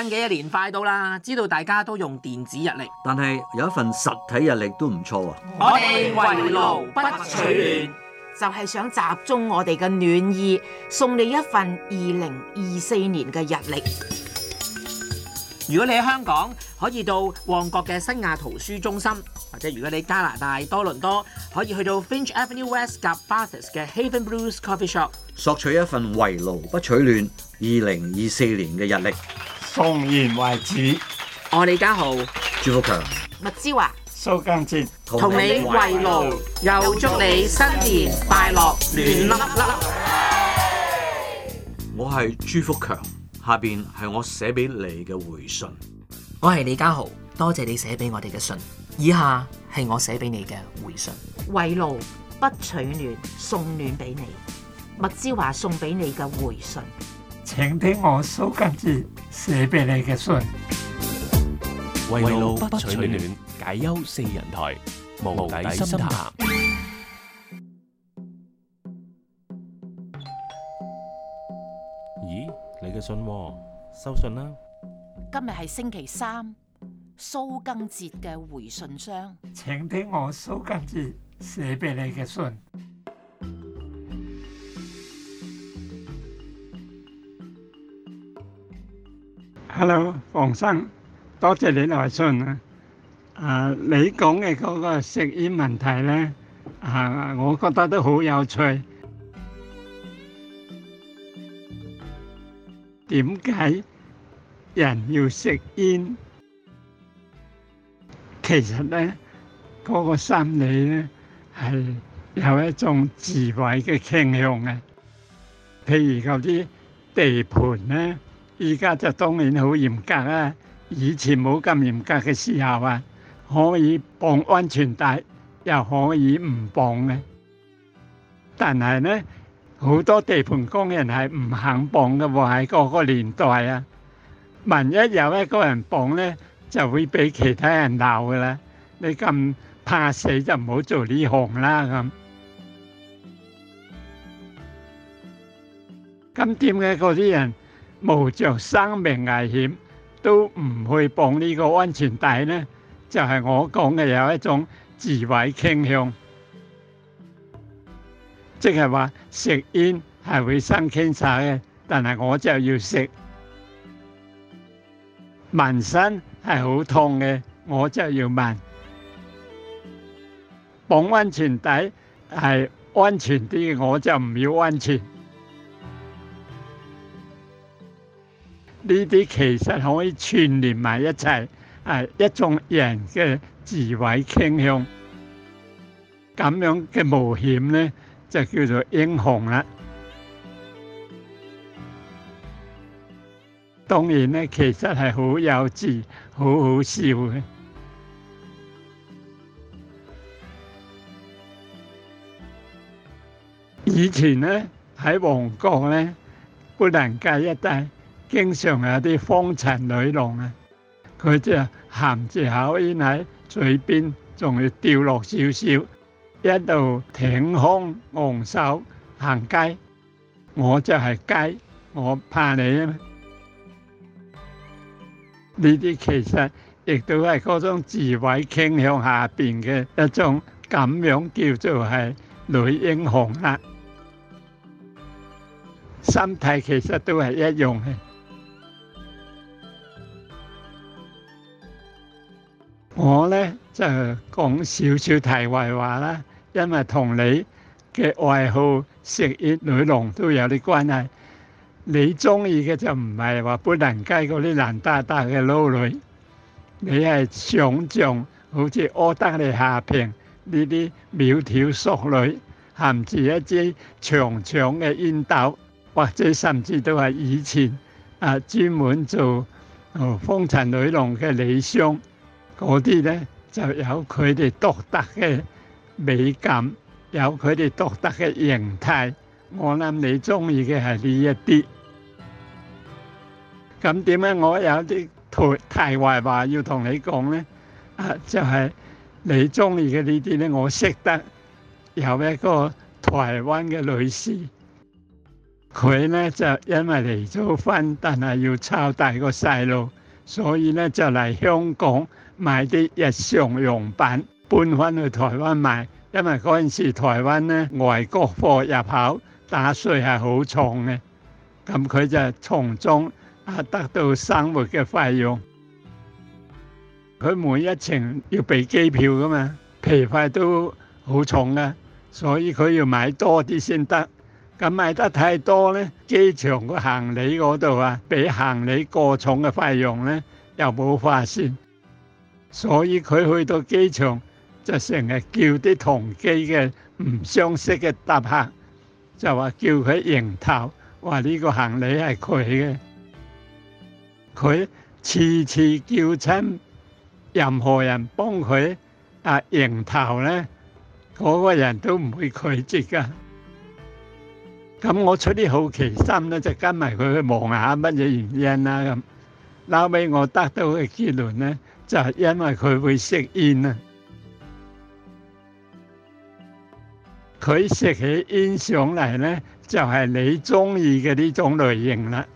新嘅一年快到啦，知道大家都用電子日曆，但係有一份實體日曆都唔錯啊！我哋為勞不取暖，就係想集中我哋嘅暖意，送你一份2024年嘅日曆。如果你喺香港，可以到旺角嘅新亞圖書中心，或者如果你加拿大多倫多，可以去到 Finch Avenue West 加 Bathurst 嘅 Haven Blues Coffee Shop，索取一份為勞不取暖2024年嘅日曆。同言為止，我李家豪，朱福強，麥之華，蘇賡哲，同你慰勞，慰慰努又祝你新年快樂，暖粒粒。我係朱福強，下邊係我寫俾你嘅回信。我係李家豪，多謝你寫俾我哋嘅信，以下係我寫俾你嘅回信。慰勞不取暖，送暖俾你。麥之華送俾你嘅回信。請聽我蘇賡哲寫俾你嘅信，為路不取暖，解憂四人台，無底深潭。咦？你嘅信喎，收信啦。今日係星期三，蘇賡哲嘅回信箱。請聽我蘇賡哲寫俾你嘅信。hello，黃生，多謝你來信啊！啊，你講嘅嗰個食煙問題咧，啊，我覺得都好有趣。點解人要食煙？其實咧，嗰個心理咧係有一種自毀嘅傾向嘅。譬如嗰啲地盤咧。而家就當然好嚴格啦，啊，以前冇咁嚴格嘅時候啊，可以綁安全帶，又可以唔綁嘅，啊。但係呢，好多地盤工人係唔肯綁㗎喎，啊，喺嗰個年代啊，萬一有一個人綁呢，就會俾其他人鬧㗎喇。你咁怕死就唔好做呢行啦咁。噉點解嗰啲人，冒着生命危險都唔去綁呢個安全帶呢，就係我講嘅有一種自毀傾向，即係話食煙係會生 cancer 嘅，但係我就要食。紋身係好痛嘅，我就要紋，綁安全帶係安全啲嘅，我就唔要安全。呢啲其實可以串連埋一齊，係一種人嘅自毀傾向。咁樣嘅冒險呢，就叫做英雄啦。當然呢，其實係好幼稚，好好笑嘅。以前呢喺旺角呢，觀塘街一帶。經常有啲風塵女郎啊，佢就含住口煙喺嘴邊，仲要掉落少少，一度挺胸昂首行街。我就係雞，我怕你啊！呢啲其實亦都係嗰種自毀傾向下邊嘅一種咁樣，叫做係女英雄啦。心態其實都係一樣嘅。我呢就講少少題外話啦，因為同你嘅愛好食煙女郎都有啲關係。你中意嘅就唔係話砵蘭街嗰啲爛打打嘅撈女，你係想像好似柯德利夏平呢啲苗條淑女，含住一支長長嘅煙斗，或者甚至都係以前啊專門做風塵女郎嘅李商。嗰啲呢就有佢哋獨特嘅美感，有佢哋獨特嘅形態。我諗你中意嘅係呢一啲。咁點解我有啲題題外話要同你講呢？啊，就係你中意嘅呢啲呢，我識得有一個台灣嘅女士，佢呢就因為離咗婚，但係要湊大個細路，所以呢就嚟香港。買啲日常用品搬翻去台灣賣，因為嗰陣時台灣咧外國貨入口打稅係好重嘅，咁佢就從中啊得到生活嘅費用。佢每一程要備機票噶嘛，皮費都好重啊，所以佢要買多啲先得。咁買得太多咧，機場個行李嗰度啊，俾行李過重嘅費用咧又冇化算。所以佢去到機場就成日叫啲同機嘅唔相識嘅搭客，就話叫佢迎頭，話呢個行李係佢嘅。佢次次叫親任何人幫佢啊迎頭咧，嗰、那個人都唔會拒絕噶。咁我出啲好奇心咧，就跟埋佢去望下乜嘢原因啦、啊。咁撈尾我得到嘅結論咧～就係因為佢會食煙啦，佢食起煙上嚟咧，就係你中意嘅呢種類型啦。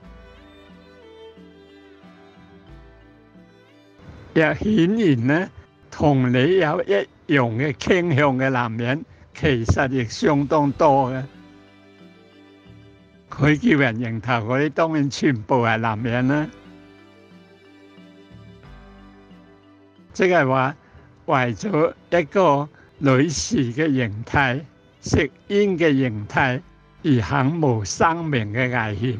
又顯然咧，同你有一樣嘅傾向嘅男人，其實亦相當多嘅。佢叫人認頭嗰啲，當然全部係男人啦。即係話為咗一個女士嘅形態，食煙嘅形態而肯冒生命嘅危險，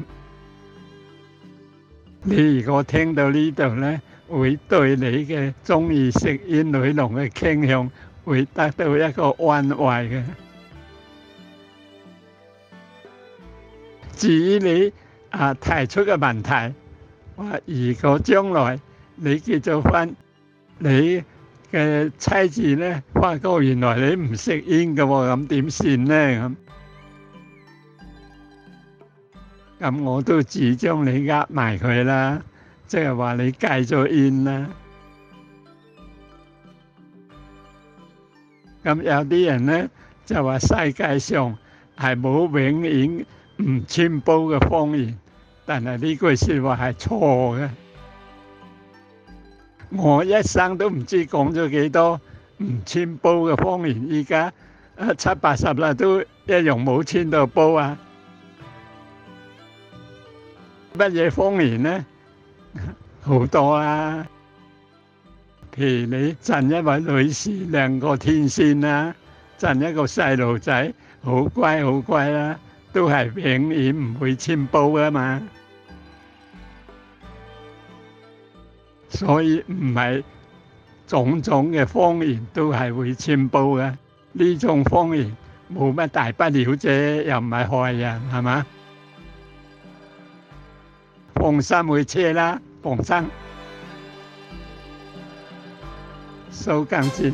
你如果聽到呢度咧，會對你嘅中意食煙女郎嘅傾向會得到一個安慰嘅。至於你啊提出嘅問題，話如果將來你結咗婚，你嘅妻子咧，發覺，原來你唔食煙嘅喎，咁點算咧？咁，咁我都只將你呃埋佢啦，即係話你戒咗煙啦。咁有啲人咧，就話世界上係冇永遠唔穿煲嘅謊言，但係呢句說話係錯嘅。我一生都唔知講咗幾多唔穿煲嘅方言，依家啊七八十啦，都一樣冇穿到煲啊！乜嘢方言咧？好多啊！譬如你讚一位女士靚過天仙啦，讚一個細路仔好乖好乖啦，都係永遠唔會穿煲啊嘛！所以唔係種種嘅謊言都係會傳播嘅，呢種謊言冇乜大不了啫，又唔係害人，係嘛？放心去車啦，放心，收乾淨。